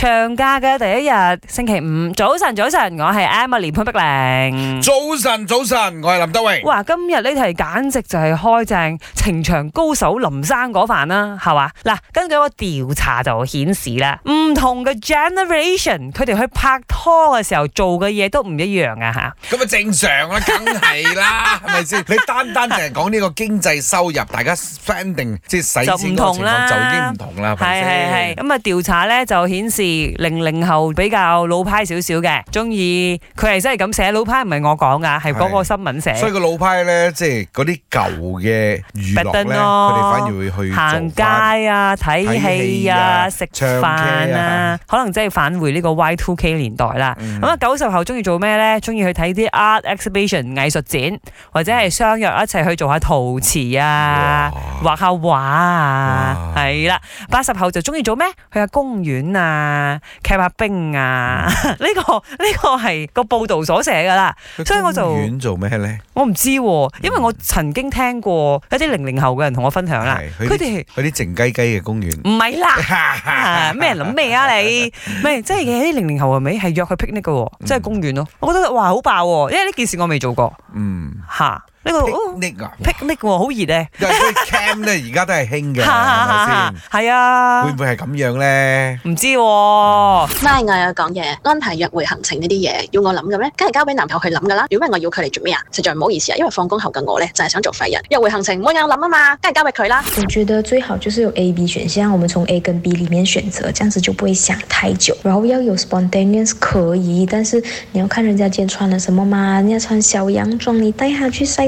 長假嘅第一日，星期五，早晨，早晨，我係 Emily 潘碧玲。早晨，早晨，我係林德榮。哇，今日呢題簡直就係開正情場高手林生嗰飯啦，係嘛？嗱，根據個調查就顯示啦，唔同嘅 generation，佢哋去拍拖嘅時候做嘅嘢都唔一樣啊吓。咁啊正常啦，梗係啦，係咪先？你單單淨係講呢個經濟收入，大家 funding 即係使錢嘅情況就已經唔同啦。係係係，咁啊調查咧就顯示。零零後比較老派少少嘅，中意，佢係真係咁寫老派，唔係我，唔係我講噶，係嗰個新聞寫。所以個老派咧，即係嗰啲舊嘅娛樂咧，佢哋反而會去行街啊、睇戲啊、食飯啊，啊，啊，可能真係返回呢個 Y2K 年代啦。咁、嗯、啊，九十後中意做咩咧？中意去睇啲 art exhibition 藝術展，或者係相約一齊去做下陶瓷啊，畫下畫啊，係啦。八十後就中意做咩？去下公園啊。啊，鋸下冰啊！呢、嗯這個呢、這個係個報道所寫噶啦，所以我就公園做咩咧？我唔知道、啊，嗯、因為我曾經聽過一啲零零後嘅人同我分享啦，佢哋嗰啲靜雞雞嘅公園，唔係啦，咩、 啊、人諗咩啊你？唔 係，即係啲零零後係咪係約去 picnic 噶？即係公園咯、啊，嗯、我覺得哇好爆、啊，因為呢件事我未做過，嗯吓。呢個 Picnic 啊好熱咧。這個 Picnic，哦 Picnic，啊 Picnic，哦哦、cam 呢，而 家都係興嘅，係咪先？係啊，啊。會唔會係這樣呢？唔知，哦。唔 係我要講嘢，安排約會行程呢啲嘢要我諗嘅咩？梗係交俾男朋友去諗㗎啦。如果唔係我要佢嚟做咩啊？實在唔好意思啊。因為放工後嘅我呢，就係、是，想做廢人。約會行程冇人諗啊嘛，梗係交俾佢啦。我覺得最好就是有 A、B 選項，我們從 A 跟 B 裡面選擇，這樣子就唔會想太久。然後要有 spontaneous 可以，但是你要看人家先穿咗什麼嘛。人家穿小洋裝，你帶佢去曬。